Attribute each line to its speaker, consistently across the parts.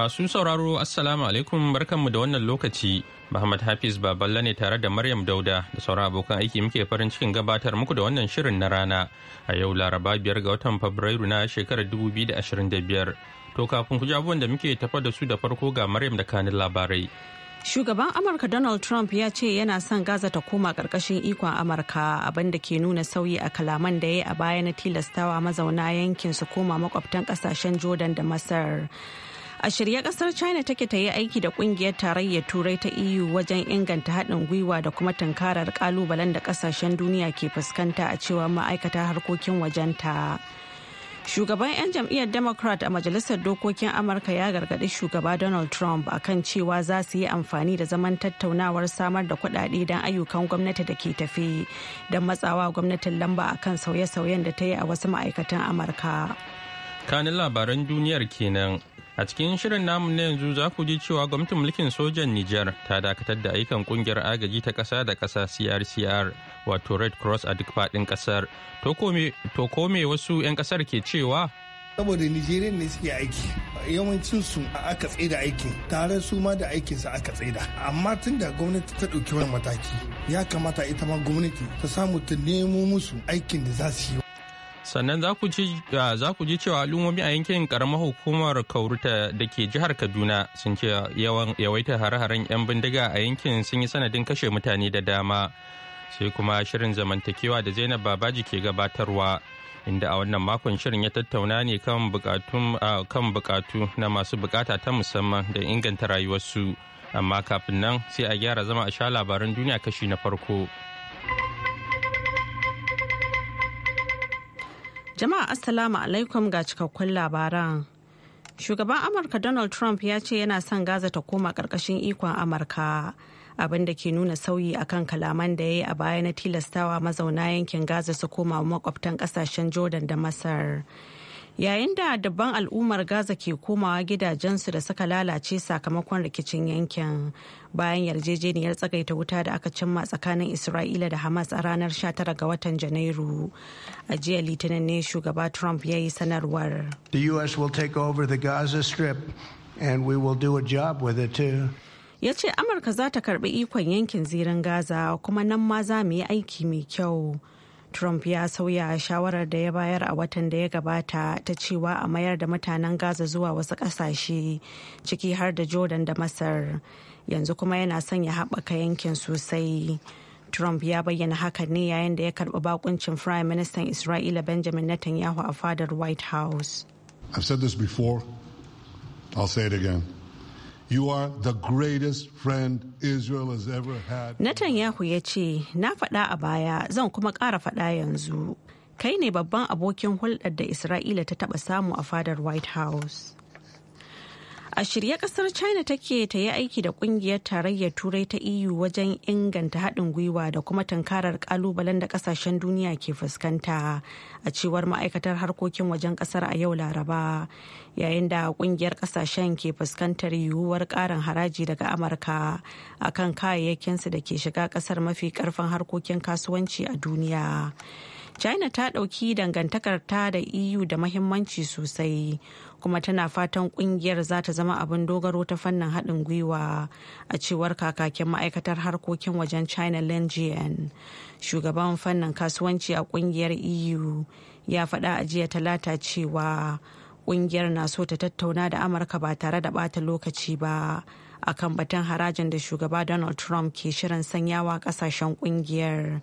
Speaker 1: Masu sauraro Assalamu alaikum barkanmu da wannan lokaci. Muhammad Hafiz Baballa ne tare da Maryam Dauda da sauran abokan aiki muke farin cikin gabatar muku da wannan shirin na rana a yau Laraba biyar ga watan Fabrairu na shekarar 2025. To kafin ku abubuwan da muke tafa da su da farko ga Maryam da kanin labarai.
Speaker 2: Shugaban Amurka Donald Trump ya ce yana son Gaza ta koma ƙarƙashin ikon Amurka abinda ke nuna sauyi a kalaman da ya yi a baya na tilastawa mazauna yankin su koma makwabtan ƙasashen Jordan da Masar. A shirye kasar China take ta yi aiki da kungiyar tarayyar turai ta EU wajen inganta haɗin gwiwa da kuma tunkarar kalubalen da kasashen duniya ke fuskanta a cewa ma'aikata harkokin wajenta. Shugaban 'yan jam'iyyar Democrat a Majalisar Dokokin Amurka ya gargaɗi shugaba Donald Trump a kan cewa za su yi amfani da zaman tattaunawar samar da kuɗaɗe don ayyukan gwamnati da ke tafi don matsawa gwamnatin lamba a kan sauye-sauyen da ta yi a wasu ma'aikatan Amurka.
Speaker 1: Kanin labaran duniyar kenan A cikin shirin namu na yanzu za ku ji cewa gwamnatin mulkin sojan Nijar ta dakatar da ayyukan kungiyar agaji ta ƙasa da ƙasa CRCR wato Red Cross a duk faɗin ƙasar. To kome wasu 'yan ƙasar ke cewa?
Speaker 3: Saboda Nijeriya ne suke aiki, yawancin su aka tsaida aiki tare su ma da aikinsa aka tsaida. Amma tun da gwamnati ta ɗauki wani mataki, ya kamata ita ma gwamnati ta samu ta nemo musu aikin da za su yi
Speaker 1: sannan ah, za ku ji cewa al'ummomi a yankin karamar hukumar kauruta da ke jihar kaduna sun ce yawan yawaitar hare-haren 'yan bindiga a yankin sun yi sanadin kashe mutane da dama sai kuma shirin zamantakewa da zainab babaji ke gabatarwa inda a wannan makon shirin ya tattauna ne kan bukatu ah, na masu bukata ta musamman da inganta rayuwarsu amma kafin nan sai a gyara zama a sha labaran duniya kashi na farko.
Speaker 2: Jama'a Assalamu alaikum ga cikakkun labaran. Shugaban Amurka Donald Trump ya ce yana son Gaza ta koma ƙarƙashin ikon Amurka. abin da ke nuna sauyi akan kalaman da ya yi a baya na tilastawa mazauna yankin gaza su koma makwabtan ƙasashen jordan da masar yayin da dabban al'ummar gaza ke komawa gidajensu da suka lalace sakamakon rikicin yankin bayan yarjejeniyar tsagaita wuta da aka cimma tsakanin isra'ila da hamas a ranar 19 ga watan janairu a jiya litinin ne shugaba trump ya yi sanarwar
Speaker 4: the us will take over the gaza strip and we will do a job
Speaker 2: ya ce amurka za ta karbi ikon yankin zirin gaza kuma nan ma za mu yi aiki mai kyau Trump ya sauya shawarar da ya bayar a watan da ya gabata ta cewa a mayar da mutanen Gaza zuwa wasu ƙasashe ciki har da Jordan da Masar. Yanzu kuma yana son ya haɓaka yankin sosai. Trump ya bayyana hakan ne yayin da ya karɓi bakuncin Prime Minister Isra'ila Benjamin Netanyahu a fadar White House.
Speaker 5: I've said this before, I'll say it again. You are the greatest friend Israel has ever had.
Speaker 2: Netanyahu ya ce, Na faɗa a baya zan kuma ƙara faɗa yanzu. Kai ne babban abokin hulɗar da Isra'ila ta taɓa samu a fadar White House. A shirye kasar China take ta yi aiki da kungiyar tarayyar turai ta EU wajen inganta haɗin gwiwa da kuma tankarar kalubalen da kasashen duniya ke fuskanta a cewar ma'aikatar harkokin wajen kasar a yau laraba yayin da kungiyar kasashen ke fuskantar yiwuwar ƙarin haraji daga Amurka akan kayayyakinsu da ke shiga kasar mafi karfin harkokin kasuwanci a duniya. china ta ɗauki ta da eu da mahimmanci sosai kuma tana fatan kungiyar za ta zama abin dogaro ta fannin haɗin gwiwa a cewar kakakin ma'aikatar harkokin wajen china lin shugaban fannin kasuwanci a kungiyar eu ya faɗa a jiya talata cewa kungiyar na so ta tattauna da amurka ba tare da ɓata lokaci ba akan batun harajin da shugaba donald trump ke shirin sanyawa ƙasashen kungiyar.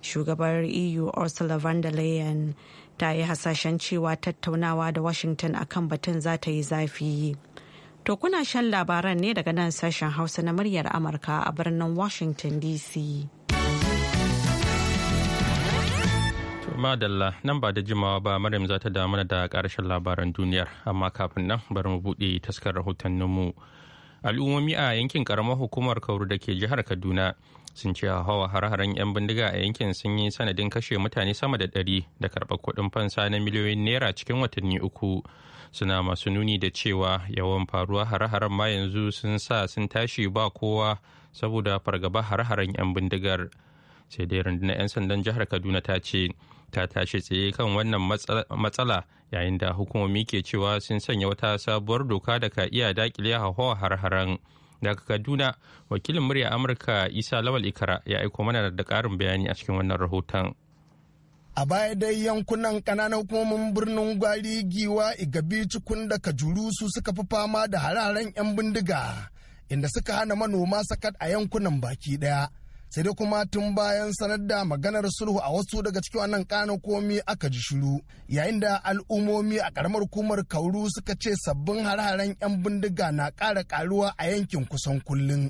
Speaker 2: shugabar eu ursula von der leyen ta yi hasashen cewa tattaunawa da washington akan batun za ta yi zafi to kuna shan labaran ne daga nan sashen hausa na muryar amurka a birnin washington dc
Speaker 1: madalla nan ba da jimawa ba maryam za ta damu da karshen labaran duniyar amma kafin nan bari mu buɗe taskar rahotanninmu al'ummomi a yankin karamar hukumar kauru da ke jihar kaduna sun ce hawa har 'yan bindiga a yankin sun yi sanadin kashe mutane sama da ɗari da karɓar kuɗin fansa na miliyoyin naira cikin watanni uku suna masu nuni da cewa yawan faruwa har-haren ma yanzu sun sa sun tashi ba kowa saboda fargaba har 'yan bindigar sai dai rundunar 'yan sandan jihar kaduna ta ce ta tashi tsaye kan wannan matsala yayin da hukumomi ke cewa sun sanya wata sabuwar doka da ka iya dakile hawa har haren daga kaduna wakilin murya amurka isa lawal ikara ya aiko mana da karin bayani a cikin wannan rahoton
Speaker 4: a baya dai yankunan kananan hukumomin birnin gwari giwa igabi cikun da kajuru su suka fi fama da hararen 'yan bindiga inda suka hana manoma sakat a yankunan baki daya sai dai kuma tun bayan sanar da maganar sulhu a wasu daga cikin wannan kano komi aka ji shiru yayin da al'ummomi a karamar hukumar kauru suka ce sabbin har-haren 'yan bindiga na ƙara karuwa a yankin kusan kullum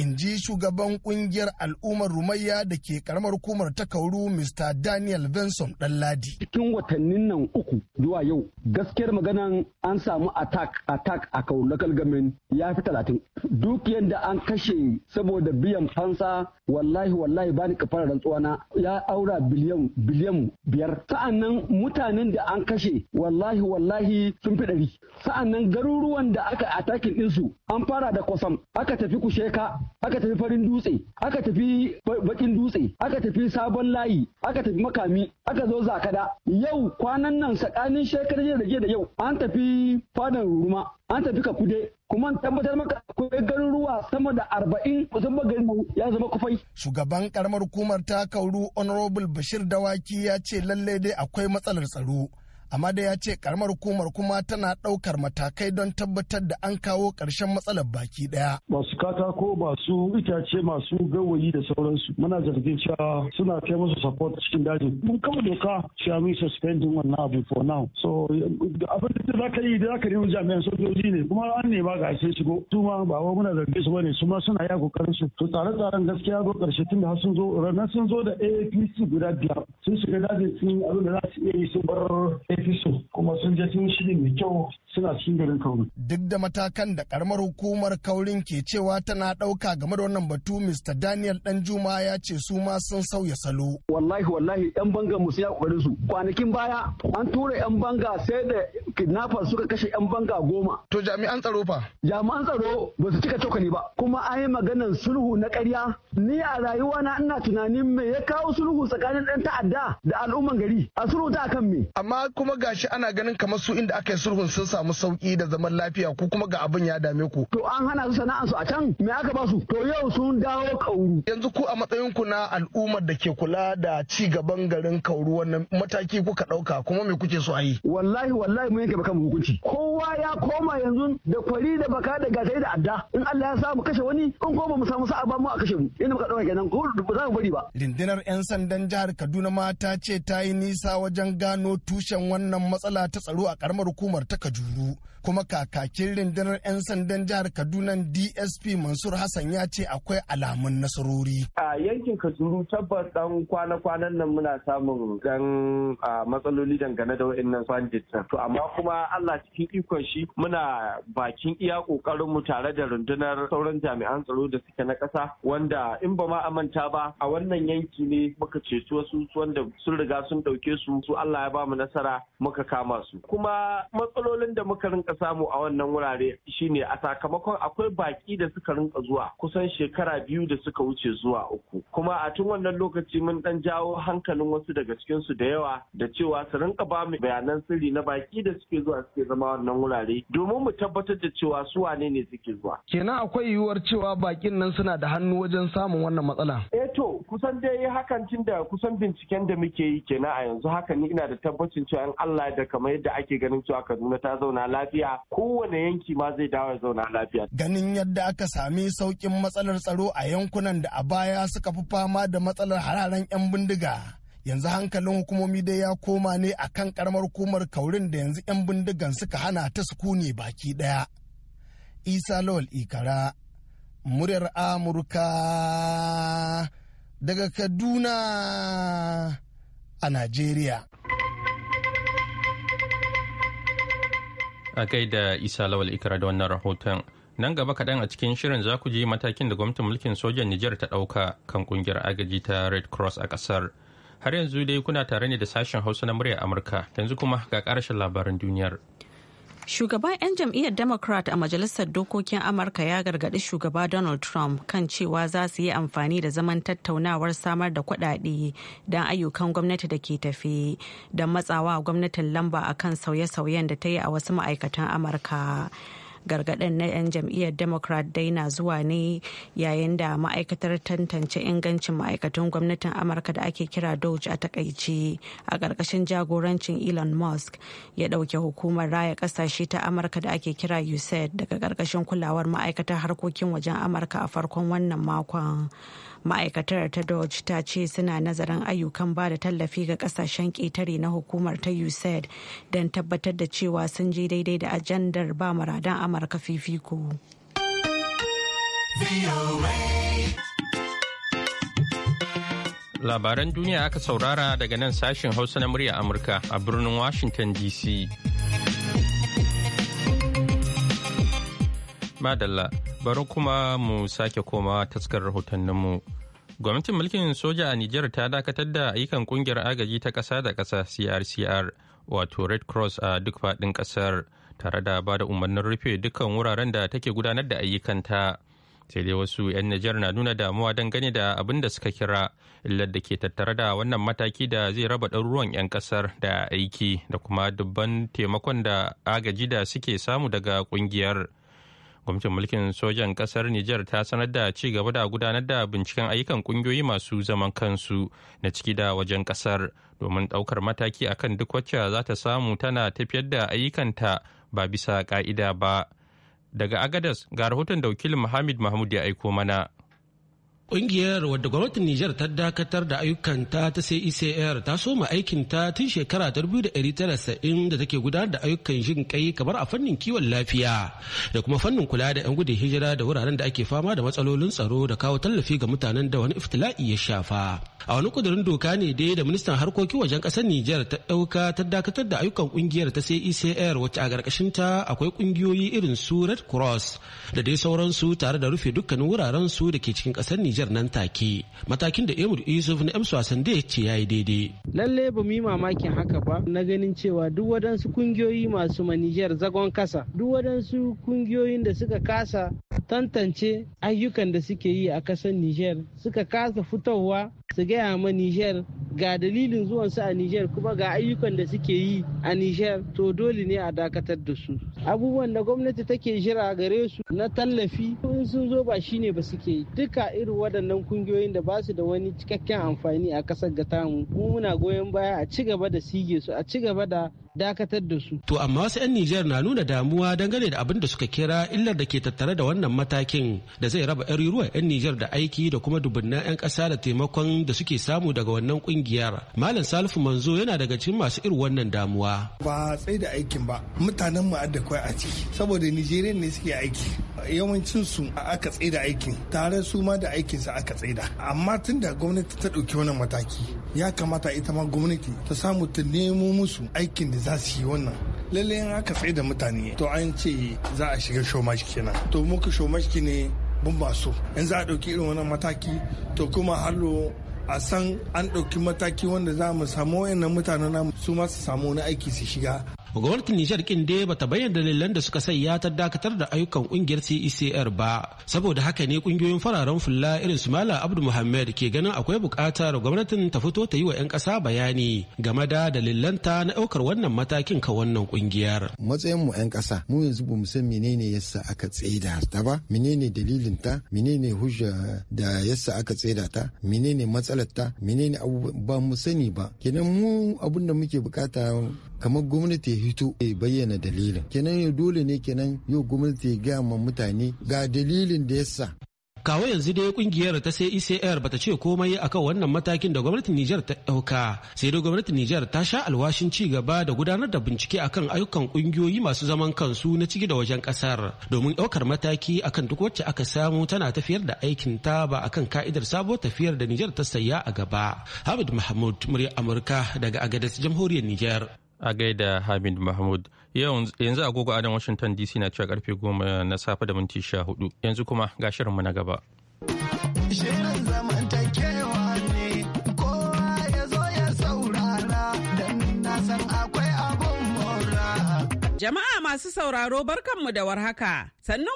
Speaker 4: in ji shugaban kungiyar al'ummar rumayya da ke karamar hukumar ta kauru mr daniel benson
Speaker 6: ɗanladi cikin watannin nan uku zuwa yau gaskiyar maganan an samu attack attack a kauru local government ya fi talatin duk yadda an kashe saboda biyan fansa wallahi wallahi bani kafara rantsuwa na ya aura biliyan biliyan biyar nan mutanen da an kashe wallahi wallahi sun fi ɗari nan garuruwan da aka atakin ɗinsu an fara da kwasam aka tafi kusheka aka tafi farin dutse aka tafi bakin dutse aka tafi sabon layi aka tafi makami aka zo zakada yau kwanan nan tsakanin shekarar da jiya da yau an tafi fadan ruruma
Speaker 4: an tafi kakude kuma tabbatar maka akwai garuruwa sama da arba'in kusan garin ya zama kufai. Shugaban karamar hukumar ta kauru Honorable Bashir Dawaki ya ce lallai dai akwai matsalar tsaro amma da ya ce karamar hukumar kuma tana ɗaukar matakai don tabbatar da an kawo ƙarshen matsalar baki
Speaker 7: ɗaya. Masu katako masu itace masu gawayi da sauransu muna zargin cewa suna kai musu support cikin dajin. Mun kama doka cewa mun suspending wannan abu for now. So abin da za ka yi da za ka nemi jami'an sojoji ne kuma an nema ga sai shigo. Su ma ba wa muna zargin su bane suna iya kokarin su. To tsare-tsaren gaskiya zo ƙarshe tun da har sun zo ranar sun zo da APC guda biyar sun shiga dajin sun abin da za su iya yi sun bar fi so kuma sun je sun shirin mai kyau suna cikin garin kaurin.
Speaker 4: Duk da matakan da karamar hukumar kaurin ke cewa tana ɗauka game da wannan batu Mr. Daniel Danjuma ya ce su ma sun sauya salo. Wallahi wallahi
Speaker 6: yan banga musu ya kokarin su kwanakin baya an tura yan banga sai da kidnappers suka kashe 'yan banga goma. To jami'an tsaro fa? Jami'an tsaro ba su cika cokali ba. Kuma an yi maganar sulhu na ƙarya. Ni a rayuwa na ina tunanin me ya kawo sulhu tsakanin ɗan ta'adda da al'umman gari.
Speaker 4: A sulhu ta kan me? Amma kuma gashi ana ganin kamar su inda aka yi sulhun sun samu sauki da zaman lafiya ko kuma ga abin ya dame ku. To an hana su su a can me aka ba su? To yau sun dawo kauru. Yanzu ku a matsayin ku na al'ummar da ke kula da ci gaban garin kauru wannan mataki kuka ɗauka kuma me kuke so a yi? Wallahi wallahi mun muke ba kanmu hukunci
Speaker 6: kowa ya koma yanzu da kwari da baka da gasai da adda in Allah ya samu kashe wani in ko ba mu samu sa'a ba mu a kashe mu
Speaker 4: inda muka dauka kenan ko ba za mu bari ba rindinar yan sandan jihar Kaduna ma ta ce ta yi nisa wajen gano tushen wannan matsala ta tsaro a karamar hukumar ta Kajuru kuma kakakin rindinar yan sandan jihar Kaduna DSP Mansur Hassan ya ce akwai alamun
Speaker 7: nasarori a yankin Kajuru tabbas dan kwana-kwanan nan muna samun dan matsaloli dangane da wa'annan bandit to amma kuma Allah cikin ikon shi muna bakin iya kokarin mu tare da rundunar sauran jami'an tsaro da suke na kasa. wanda in ba ma a manta ba a wannan yanki ne muka ceci wasu wanda sun riga sun ɗauke su su Allah ya ba mu nasara muka kama su kuma matsalolin da muka rinka samu a wannan wurare shine a sakamakon akwai baki da suka rinka zuwa kusan shekara biyu da suka wuce zuwa uku kuma a tun wannan lokaci mun dan jawo hankalin wasu daga cikin su da yawa da cewa su rinka ba mu bayanan sirri na baki da suke zuwa suke zama wannan wurare domin mu tabbatar da cewa su wane ne suke zuwa.
Speaker 4: Kenan akwai yiwuwar cewa bakin nan suna da hannu wajen
Speaker 7: samun wannan matsala. Eh to kusan dai hakan tun da kusan binciken da muke yi kenan a yanzu haka ni ina da tabbacin cewa in Allah da kamar yadda ake ganin cewa Kaduna ta zauna lafiya kowane yanki ma zai dawo ya zauna lafiya. Ganin
Speaker 4: yadda aka sami saukin matsalar tsaro a yankunan da a baya suka fi fama da matsalar hararen 'yan bindiga. yanzu hankalin hukumomi dai ya koma ne a kan karamar hukumar kaurin da yanzu 'yan bindigan suka hana ta su kune baki daya isa lawal ikara muryar amurka daga kaduna a nigeria.
Speaker 1: a gaida isa lawal ikara da wannan rahoton nan gaba kaɗan a cikin shirin za ku ji matakin da gwamnatin mulkin sojan nijar ta ɗauka kan ƙungiyar agaji ta red cross a ƙasar. har yanzu dai kuna tare ne da sashen hausa na murya amurka yanzu kuma ga karshen labaran duniyar
Speaker 2: shugaban 'yan jam'iyyar democrat a majalisar dokokin amurka ya gargaɗi shugaba donald trump kan cewa za su yi amfani da zaman tattaunawar samar da kuɗaɗe don ayyukan gwamnati da ke tafi don matsawa gwamnatin lamba akan sauye-sauyen da ta yi a wasu ma'aikatan amurka gargaɗin na 'yan jam'iyyar democrat dai na zuwa ne yayin da ma'aikatar tantance ingancin ma'aikatan gwamnatin amurka da ake kira doge a takaice a ƙarƙashin jagorancin elon musk ya ɗauke hukumar raya ƙasashe ta amurka da ake kira usaid daga ƙarƙashin kulawar ma'aikatar harkokin wajen amurka a farkon wannan makon ma'aikatar ta dodge ta ce suna nazarin ayyukan ba da tallafi ga kasashen ƙetare na hukumar ta usaid don tabbatar da cewa sun je daidai da ajandar ba maradan amurka fifiko
Speaker 1: labaran duniya aka saurara daga nan sashen hausa na murya amurka a birnin washington dc Madalla, bari kuma mu sake koma taskar rahotanninmu. Gwamnatin mulkin soja a Nijar ta dakatar da ayyukan kungiyar agaji ta ƙasa da ƙasa CRCR wato Red Cross a duk faɗin ƙasar tare da ba da umarnin rufe dukkan wuraren da take gudanar da ayyukanta. Sai dai wasu 'yan Nijar na nuna damuwa dangane da abin da suka kira illar da ke tattare da wannan mataki da zai raba ɗaruruwan 'yan ƙasar da aiki da kuma dubban taimakon da agaji da suke samu daga ƙungiyar. gwamnatin mulkin sojan kasar Nijar ta sanar da ci gaba da gudanar da binciken ayyukan kungiyoyi masu zaman kansu na ciki da wajen kasar domin ɗaukar mataki akan duk wacce za ta samu tana tafiyar da ayyukanta ba bisa ka'ida ba. Daga Agadas ga rahoton da wakilin Muhammad Mahmud ya aiko mana.
Speaker 8: Ƙungiyar wadda gwamnatin Nijar ta dakatar da ayyukanta ta CECR ta soma ta tun shekara ta 1990 da take gudanar da ayyukan jin kai kamar a fannin kiwon lafiya da kuma fannin kula da 'yan gudun hijira da wuraren da ake fama da matsalolin tsaro da kawo tallafi ga mutanen da wani iftila'i ya shafa. A wani kudurin doka ne dai da ministan harkokin wajen ƙasar Nijar ta ɗauka ta dakatar da ayyukan kungiyar ta CECR wacce a ta akwai kungiyoyi irin su Red Cross da dai sauransu tare da rufe dukkanin wuraren su da ke cikin ƙasar Nijar. Nijar nan take matakin da Emir Yusuf na Emsu Sande ya ce yayi daidai. Lalle ba mu yi mamakin haka ba na ganin cewa duk wadansu kungiyoyi masu ma zagon kasa duk wadansu kungiyoyin da suka kasa tantance ayyukan da suke yi a kasar Nijar suka kasa fitowa su gaya ma Nijar ga dalilin zuwansu a Nijar kuma ga ayyukan da suke yi a Nijar to dole ne a dakatar da su. Abubuwan da gwamnati take jira gare su na tallafi in sun zo ba shine ba suke yi duka irin waɗannan kungiyoyin da ba su da wani cikakken amfani a ƙasar ga tamu mu muna goyon baya a ci gaba da sige su a ci gaba da dakatar da su. To amma wasu 'yan Nijar na nuna damuwa dangane da abin da suka kira illar da ke tattare da wannan matakin da zai raba 'yan ruwa 'yan Nijar da aiki da kuma dubunnan 'yan ƙasa da taimakon da suke samu daga wannan kungiyar. Malam Salifu Manzo yana daga cikin masu irin wannan damuwa.
Speaker 3: Ba tsaye da aikin ba mutanen mu da kwai a ciki saboda Nijeriya ne suke aiki yawancin su aka tsaye da aikin tare su ma da aiki sa aka tsaida amma tun da gwamnati ta ɗauki wannan mataki ya kamata ita ma gwamnati ta samu ta nemo musu aikin da za su yi wannan lalle in aka tsaida mutane to an ce za a shiga shomashi kenan to muka shomashi ne mun ba so in za a ɗauki irin wannan mataki to kuma hallo a san an ɗauki mataki wanda za mu samu wayannan mutanen su ma su samu wani aiki su shiga
Speaker 8: gwamnatin nijar kin dai bata bayyana dalilan da suka sanya ta dakatar da ayyukan kungiyar cecr ba saboda haka ne kungiyoyin fararen fulla irin su mala abdu muhammad ke ganin akwai bukatar gwamnatin ta fito ta yi wa 'yan kasa bayani game da dalilanta na daukar wannan matakin ka wannan kungiyar
Speaker 7: matsayin mu 'yan kasa mu yanzu bamu san menene yasa aka tseda ta ba menene dalilin ta menene hujja da yasa aka tseda ta menene matsalar ta menene abu ba mu sani ba kenan mu abun da muke bukata kamar gwamnati hito ya bayyana dalilin kenan ya dole ne kenan yau gwamnati ya gaya ma mutane ga dalilin da yasa
Speaker 8: kawo yanzu dai kungiyar ta sai icr e bata ce komai akan wannan matakin da gwamnatin niger ta dauka sai dai gwamnatin niger ta sha alwashin ci gaba da gudanar da bincike akan ayyukan kungiyoyi masu zaman kansu na ciki da wajen kasar domin daukar mataki akan duk wacce aka samu tana tafiyar da aikin ta ba akan ka'idar sabo tafiyar da niger ta saya a gaba hamid mahmud murya amurka daga agadas
Speaker 1: jamhuriyar niger a gaida hamid mahmud yanzu agogo adam washington dc na cewa karfe goma na safe da minti sha hudu yanzu kuma ga shirinmu na gaba
Speaker 5: Jama'a masu sauraro barkanmu da warhaka.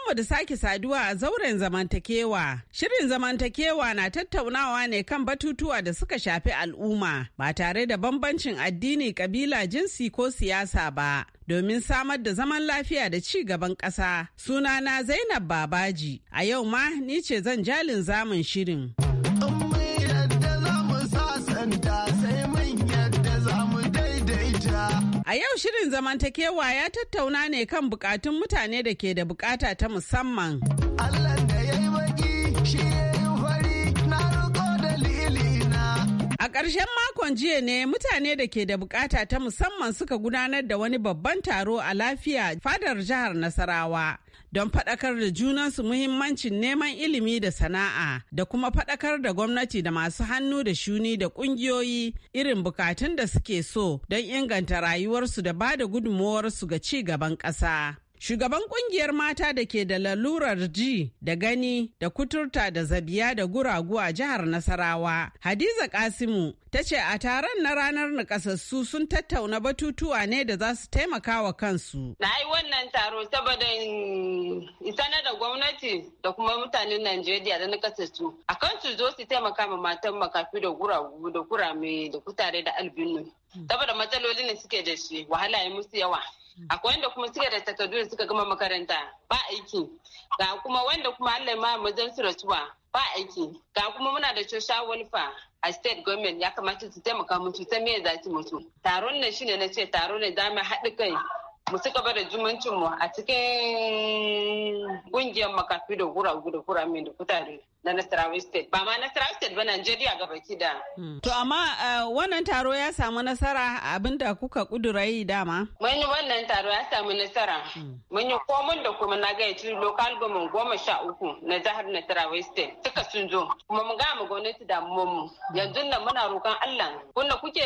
Speaker 5: mu da sake saduwa a zauren zamantakewa. Shirin zamantakewa na tattaunawa ne kan batutuwa da suka shafi al'umma ba tare da bambancin addini, kabila, jinsi ko siyasa ba. Domin samar da zaman lafiya da ci gaban ƙasa. Sunana Zainab Babaji. A yau ma ni ce zan jalin zamun shirin. A yau shirin zamantakewa ya tattauna ne kan bukatun mutane da ke da bukata ta musamman. Allah A ƙarshen makon jiya ne mutane da ke da bukata ta musamman suka gudanar da wani babban taro a lafiya fadar jihar Nasarawa. Don faɗakar da junansu muhimmancin neman ilimi da sana'a da kuma faɗakar da gwamnati da masu hannu da shuni da ƙungiyoyi irin bukatun da suke so don inganta rayuwarsu da ba da gudunmuwarsu ga ci gaban ƙasa. Shugaban kungiyar mata da ke da lalurar ji da gani da kuturta da zabiya da guragu a jihar Nasarawa, Hadiza Kasimu ta ce a taron na ranar nakasassu sun tattauna batutuwa ne da za su taimaka wa kansu.
Speaker 9: Na yi wannan taro saboda sanar da gwamnati da kuma mutanen Najeriya da nakasassu a kan su zo su taimaka ma matan makafi da guragu da kurame da kutare da albinu. Hmm. Saboda matsalolin da suke da shi wahala ya musu yawa. akwai wanda kuma suka da takardu da suka gama makaranta ba aiki ga kuma wanda kuma Allah ma mu zan su rasuwa ba aiki ga kuma muna da cosha walfa a state government ya kamata su taimaka mutu ta me za su mutu taron nan shine na ce taro ne za mu haɗu kai mu suka ba da zumuncin mu a cikin kungiyar makafi da gura da gura mai da kutare na Nasarawa State ba ma Nasarawa State ba Najeriya ga baki da.
Speaker 5: Hmm. To amma eh, wannan taro ya samu nasara abinda kuka kudura yi dama?
Speaker 9: Mun wannan taro ya samu nasara. Hmm. Mun yi komun da kuma na gayyaci local government goma sha uku na jihar Nasarawa State suka sun zo kuma mun ga mu gwamnati da mu yanzu nan muna roƙon Allah kuna kuke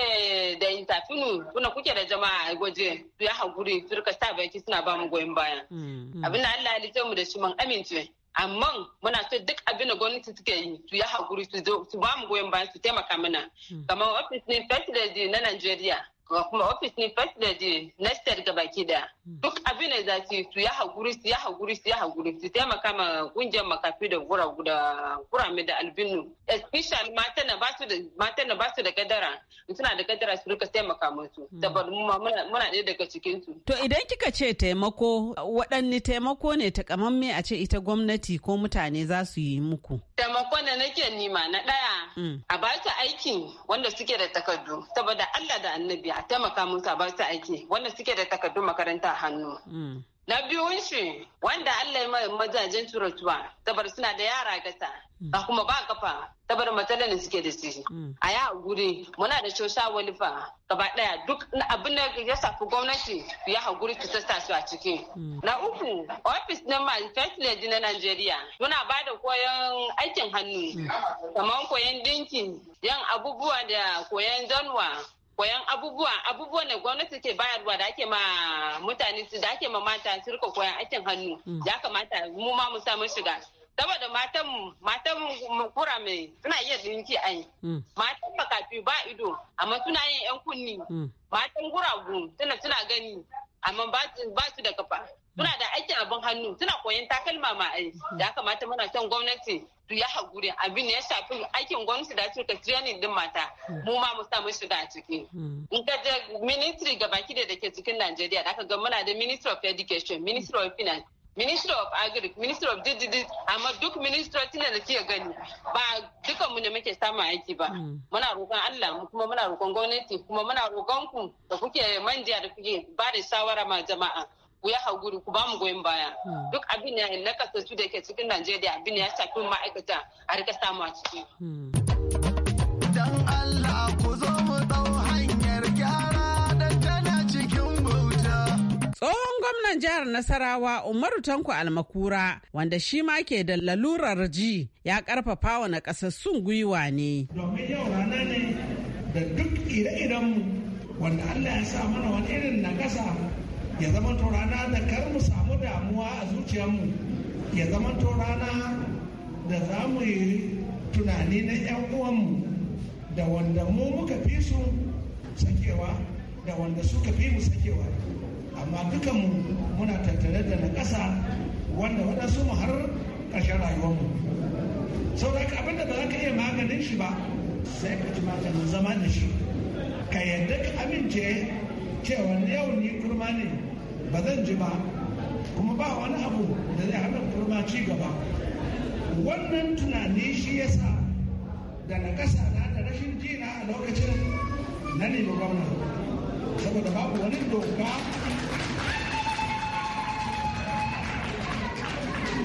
Speaker 9: da intafinu kuna kuke da jama'a a gwaje su ya haƙuri su rika sa baki suna ba mu goyon baya.
Speaker 2: Hmm. Abin
Speaker 9: da Allah ya mu da shi mun amince. amma muna so duk abin da gwamnati suke yi su ya haƙuri su zo su ba mu goyon bayan su taimaka mana hmm. kamar ofis ne first na Najeriya ga kuma ofis ni first da je nastar ga baki da duk abin da zaki su ya haguri su ya haguri su ya haguri su taimaka ma kungiyar makafi da gura da mai da albinu especially mata na basu da mata na basu da kadara suna da kadara su rika taimaka musu hmm. saboda mu muna ɗaya daga cikin su
Speaker 5: to idan kika ce taimako waɗanne taimako ne takamamme a ce ita gwamnati ko mutane za su yi muku
Speaker 9: taimakon da nake nima na ɗaya hmm. a ba ta aikin wanda suke da takardu saboda Allah da annabi a taimaka musu bar su aiki wanda suke da takardun makaranta hannu. Mm. Na biyun shi wanda Allah ya mazajen turatuwa saboda suna da yara gata mm. ba kuma ba kafa saboda matsalar da suke da shi. Mm. A ya guri muna da shosha walifa gaba daya duk abin da ya safi gwamnati ya haguri su sassa su a ciki. Na uku ofis na manifest lady na Najeriya muna ba da koyon aikin hannu kamar koyon dinki yan abubuwa da koyon zanwa koyan abubuwa abubuwan da gwamnati ke bayarwa da ake ma mutane su da ake ma mata su rika koyan aikin hannu mm. ya kamata mu ma mu samu shiga saboda matan matan kura mai suna iya dinki ai mm. matan makafi ba ido amma suna yin yan kunni mm. matan guragu suna suna gani amma ba su da kafa suna da aikin abin hannu suna koyan takalma ma ai ya kamata muna son gwamnati su ya haƙuri abin ne ya shafi aikin gwamnati da ta training din mata hmm. mu ma mu samu shiga ciki hmm. in ka je ministry baki da ke cikin Najeriya da aka ga muna da ministry of education ministry of finance ministry of agric ministry of digital amma duk ministrocin da ke gani ba dukan mu ne muke samun aiki ba hmm. muna roƙon Allah mu kuma muna roƙon gwamnati kuma muna roƙon ku da kuke manja da kuke ba da shawara ma jama'a ku ya ku ba mu goyon baya hmm. duk abin ya nakasa su da ke cikin najeriya abin ya shafi ma'aikata a rika samu a ciki. Hmm.
Speaker 4: allah ku zo mu hanyar gyara da tana cikin bauta.
Speaker 5: tsohon gwamnan jihar nasarawa umaru tanko almakura wanda shi ma ke da lalurar ji ya karfafa wa sun gwiwa ne. domin
Speaker 10: yau rana ne da duk ire-irenmu wanda allah ya sa mana wani irin nagasa ya zama to rana da kar mu samu damuwa a zuciyarmu ya zama to rana da za mu yi tunani na 'yan uwanmu da wanda mu muka fi su sakewa da wanda suka fi mu sakewa amma dukanmu muna tattare da na ƙasa wanda waɗansu mu har ƙarshen rayuwarmu sau da abin da ba za ka iya maganin shi ba sai ka ji maganin zama da shi ka yadda ka amince cewa yau ni kurma ne ba zan ji ba kuma ba wani abu da zai hana kurma ci gaba wannan tunani shi ya sa da na kasa na da rashin jina a lokacin na nemi gwamna saboda babu wani doka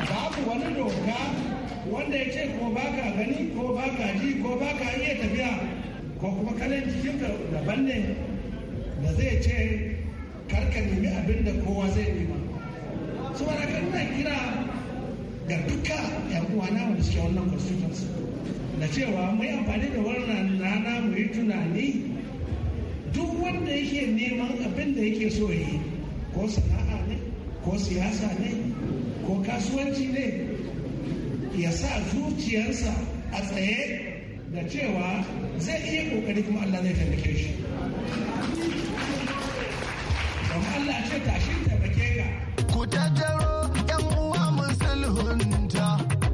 Speaker 10: babu wani doka wanda ya ce ko ka gani ko ba ka ji ko ba ka iya tafiya ko kuma kalan jikinka daban ne da zai ce ka nemi abin da kowa zai nema saboda kan nan kira ga duka yan na wanda suke wannan constituency da cewa mai amfani da wannan rana mu yi tunani duk wanda yake neman abin da yake so yi ko sana'a ne ko siyasa ne ko kasuwanci ne ya sa zuciyarsa a tsaye da cewa zai iya kokari kuma Allah zai taimake shi Allah ce tashin taimake ka.
Speaker 5: Ku tattaro ‘yan uwa mun sulhunta.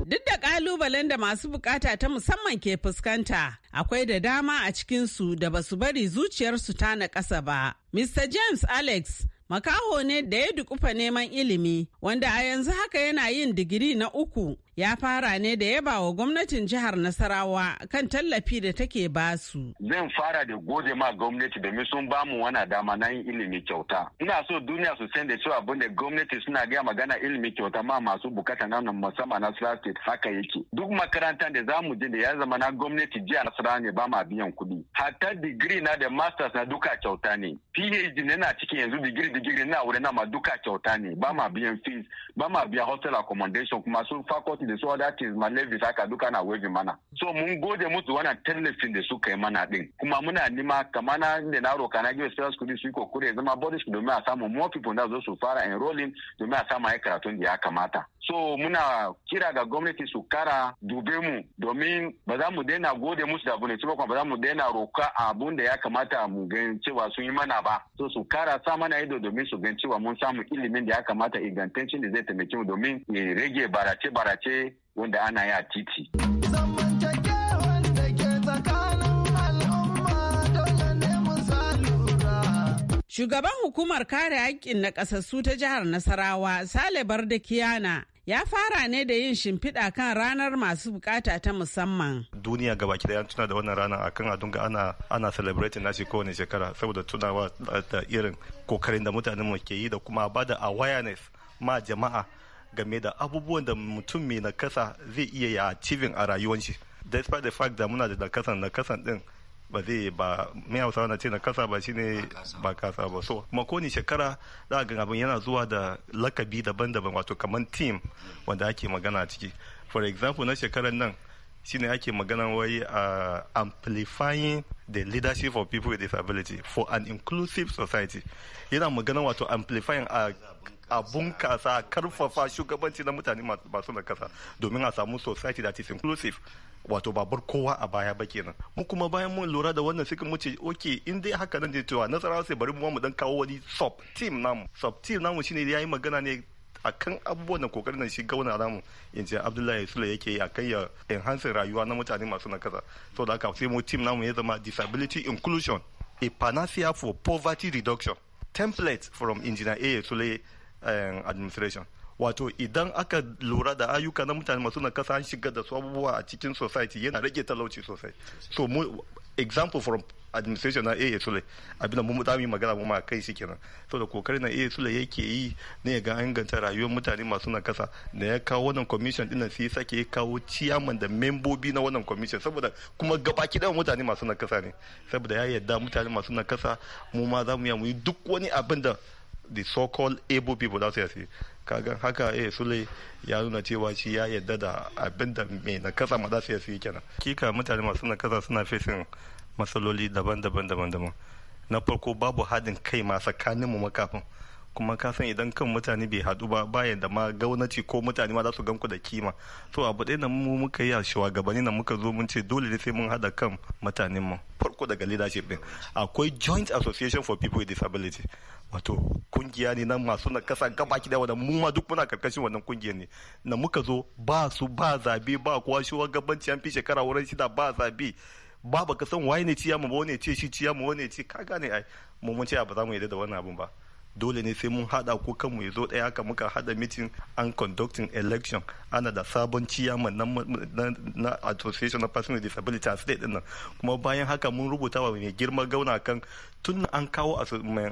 Speaker 5: Duk da ƙalubalen da masu bukata ta musamman ke fuskanta, akwai da dama a cikinsu da ba su bari zuciyarsu ta na ƙasa ba. Mr. James Alex, makaho ne da ya dukufa neman ilimi, wanda a yanzu haka yana yin digiri na uku ya fara ne da yaba wa gwamnatin jihar Nasarawa kan tallafi da take ba su.
Speaker 11: Zan fara da gode ma gwamnati domin sun bamu wana dama na yin ilimi kyauta. Ina so duniya su san da cewa abin da gwamnati suna gaya magana ilimi kyauta ma masu bukata na nan musamman Nasarawa State haka yake. Duk makaranta da za mu je da ya zama na gwamnati jihar Nasarawa ne ba ma biyan kuɗi. Hatta digiri na da masters na duka kyauta ne. PhD na na cikin yanzu digiri digiri na wurin na ma duka kyauta ne. Ba ma biyan fees, ba ma biyan hostel accommodation kuma su faculty da su other things mallevis haka duka na waiving mana so mun gode musu wannan tallafin da suka yi mana din kuma muna nima kamar na da na roka na give sales kudi su kokure zama bodies domin a samu more people da zo su fara enrolling domin a samu ai karatun da ya kamata so muna kira ga gwamnati su kara dube mu domin ba za mu daina gode musu da abune ba ba za mu daina roka abun da ya kamata mu gan cewa sun yi mana ba so su kara sa mana ido domin su gan cewa mun samu ilimin da ya kamata ingantaccen da zai taimake mu domin rage barace barace wanda ana yi a titi.
Speaker 5: Shugaban hukumar kare haƙƙin na ƙasassu ta jihar Nasarawa, Sale Bardakiyana, ya fara ne da yin shimfiɗa kan ranar masu bukata ta musamman.
Speaker 12: Duniya gaba ɗaya tuna da wannan rana a a dunga ana ana celebrating nashi kowane shekara saboda tunawa da irin kokarin da mutanen mu ke yi da kuma bada awareness ma jama'a game da abubuwan da mutum mai nakasa zai iya ya achieving a rayuwar shi despite the fact da muna da nakasan nakasan din ba zai ba mai hausa na ce nakasa kasa ba shine ba kasa ba so kuma shekara za ga abin yana zuwa da lakabi daban-daban wato kamar team wanda ake magana ciki for example na shekarar nan shine ake magana wai a uh, amplifying the leadership of people with disability for an inclusive society yana magana wato amplifying a uh, a bunkasa a karfafa shugabanci na mutane masu nakasa domin a samu society that is inclusive wato babar kowa a baya ba kenan mu kuma bayan mun lura da wannan sikin muce oke in dai haka nan da cewa nasarawa sai bari mu mu dan kawo wani sub team namu sub team namu shine yayi magana ne akan abubuwan da kokarin nan shi gauna namu in ce abdullahi sule yake akan ya enhance rayuwa na mutane masu nakasa so da haka sai mu team namu ya zama disability inclusion a panacea for poverty reduction template from engineer a sule Eh, administration wato idan aka lura da ayyuka na mutane masu na kasa an shiga da su abubuwa a cikin society yana rage talauci sosai so mu example from administration na AA Sule abinda mu mutami magana mu ma kai shi kenan da kokarin na AA Sule yake yi ne ga inganta rayuwar mutane masu na kasa da ya kawo wannan commission din sai sake kawo ciyaman da membobi na wannan commission saboda kuma gabaki da mutane masu na kasa ne saboda ya yarda mutane masu na kasa mu ma za mu yi duk wani abin da the so-called able people that su kaga haka eh sule ya nuna cewa shi ya yadda da abinda da mai nakasa ma za su kenan kika mutane masu nakasa suna fesin masaloli daban-daban daban-daban na farko babu haɗin kai ma tsakanin mu makafin kuma ka san idan kan mutane bai haɗu ba bayan da ma gwamnati ko mutane ma za su ganku da kima to abu ɗaya nan mu muka yi a shugabanni nan muka zo mun ce dole ne sai mun haɗa kan mutanen mu farko daga leadership din akwai joint association for people with disability wato kungiya ne na masu na kasa gaba ki da wanda mu ma duk muna karkashin wannan kungiyar ne na muka zo ba su ba zabe ba kuwa shugabanci an fi shekara wurin shida ba zabe ba ka san waye ne ciya mu ba wani ce shi ciya mu wane ce ka gane ai mu mun ce ba za mu yi da wannan abun ba dole ne sai mun hada ko kanmu ya zo ɗaya haka muka hada mitin an conducting election ana da sabon ciyaman na association of persons with disability a state din nan kuma bayan haka mun rubuta wa mai girma gauna kan tun an kawo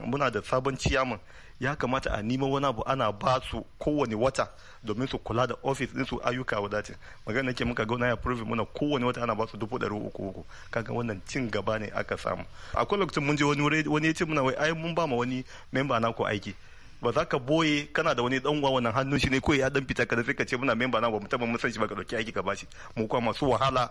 Speaker 12: muna da sabon ciyaman ya kamata a neman wani abu ana ba su kowane wata domin su kula da ofis din su ayyuka wadace magana nake muka gauna ya prove muna kowane wata ana ba su dubu ɗari uku uku kaga wannan cin gaba ne aka samu akwai lokacin mun je wani wani ya ce muna wai ai mun ba ma wani memba na ko aiki ba za ka boye kana da wani dan wannan hannun shi ne ko ya dan fita ka sai ka ce muna memba na ba mu taba mun san shi ba ka dauki aiki ka bashi mu kuma masu wahala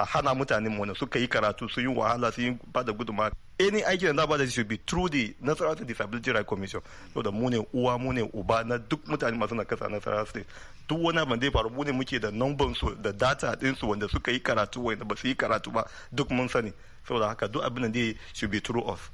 Speaker 12: a hana mutanen mu suka yi karatu su yi wahala su yi ba bada guduma any aiki da ba da shi bi through the national State Disability Rights Commission so da mu ne uwa mu ne uba na duk mutane masu na kasa Nasarawa State duk wani abin da ya faru mu ne muke da number su da data din su wanda suka yi karatu wanda ba su yi karatu ba duk mun sani saboda haka duk abin da shi bi through us.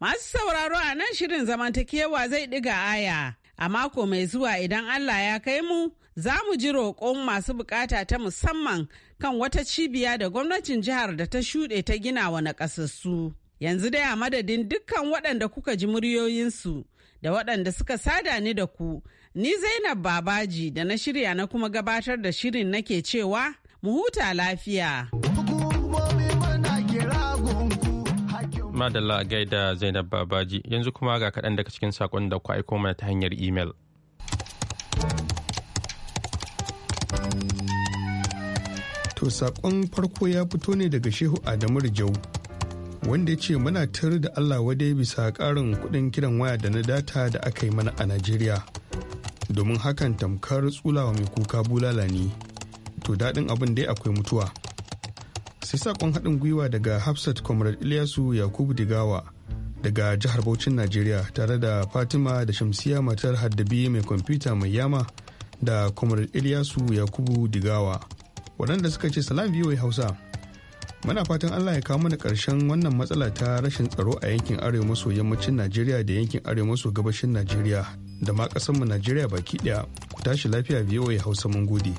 Speaker 5: Masu sauraro a nan shirin zamantakewa zai ɗiga aya. A mako mai zuwa idan Allah ya kai mu, za mu ji roƙon masu bukata ta musamman kan wata cibiya da gwamnatin jihar da ta shuɗe ta gina wa naƙasassu. Yanzu dai a madadin dukkan waɗanda kuka ji muryoyinsu da waɗanda suka sada ni da ku, ni Zainab Babaji da na shirya na kuma gabatar da shirin nake cewa, mu huta lafiya.
Speaker 1: Madalla gaida Zainab Babaji yanzu kuma ga kaɗan daga cikin saƙon da ku aiko mana ta hanyar imel.
Speaker 3: To saƙon farko ya fito ne daga Shehu Adamu Rijau wanda ya ce muna tar da Allah wadai bisa ƙarin kuɗin kiran waya da na data da aka yi mana a Najeriya. Domin hakan tamkar tsulawa mai kuka bulala ne. To daɗin abin dai akwai mutuwa. sai sakon haɗin gwiwa daga hafsat comrade ilyasu yakubu digawa daga jihar Bauchin Najeriya tare da Fatima da Shamsiya matar haddabi mai kwamfuta mai yama da Comrade Ilyasu Yakubu Digawa waɗanda suka ce salam biyu Hausa. Muna fatan Allah ya kawo mana ƙarshen wannan matsala ta rashin tsaro a yankin arewa maso yammacin Najeriya da yankin arewa maso gabashin Najeriya da ma ƙasarmu Najeriya baki ɗaya ku tashi lafiya biyu Hausa mun gode.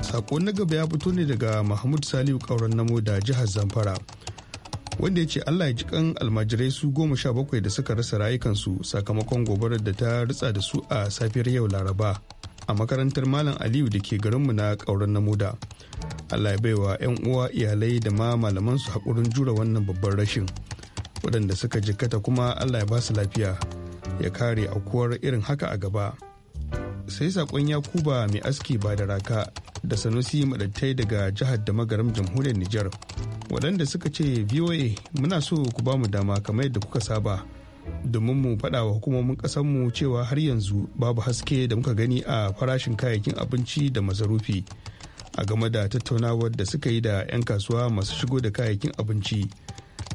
Speaker 3: sakon na gaba ya fito ne daga mahmud saliu kauran namo da jihar zamfara wanda ya ce allah ya ji kan almajirai su goma sha bakwai da suka rasa rayukansu sakamakon gobarar da ta ritsa da su a safiyar yau laraba a makarantar malam aliyu da ke garinmu na kauran da allah ya baiwa 'yan uwa iyalai da ma malaman su haƙurin jura wannan babban rashin waɗanda suka jikkata kuma allah ya ba su lafiya ya kare aukuwar irin haka a gaba sai saƙon yakuba mai aski ba da raka da sanusi madattai daga jihar da magaram jamhuriyar nijar waɗanda suka ce voa muna so ku ba mu dama kamar yadda kuka saba domin mu faɗa wa hukumomin mu cewa har yanzu babu haske da muka gani a farashin kayayyakin abinci da masarufi a game da tattaunawar da suka yi da 'yan kasuwa masu shigo da kayayyakin abinci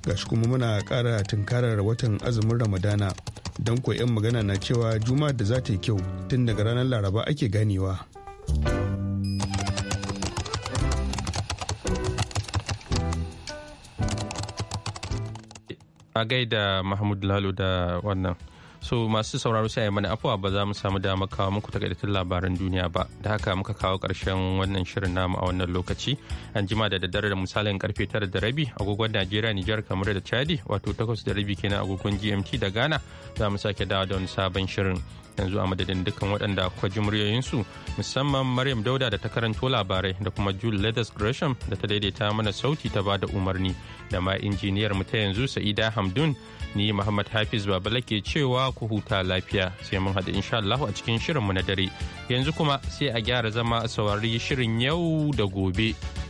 Speaker 3: ga shi kuma muna ƙara tunkarar watan azumin ramadana don ko 'yan magana na cewa juma'a da za ta yi kyau tun daga ranar laraba ake ganewa.
Speaker 1: a gaida mahmud lalo da wannan so masu sauraro sai mana afuwa ba za mu samu dama kawo muku takaitattun labaran duniya ba da haka muka kawo karshen wannan shirin namu a wannan lokaci an jima da daddare da misalin karfe tara da rabi agogon najeriya nijar kamar da chadi wato takwas da rabi kenan agogon gmt da ghana za mu sake dawo da wani sabon shirin yanzu a madadin dukkan waɗanda kuka ji musamman maryam dauda da ta karanto labarai da kuma jule leathers gresham da ta daidaita mana sauti ta ba da umarni da ma injiniyar mu ta yanzu sa'ida hamdun ni muhammad hafiz babala ke cewa ku huta lafiya sai mun haɗu insha allahu a cikin shirinmu na dare yanzu kuma sai a gyara zama a saurari shirin yau da gobe.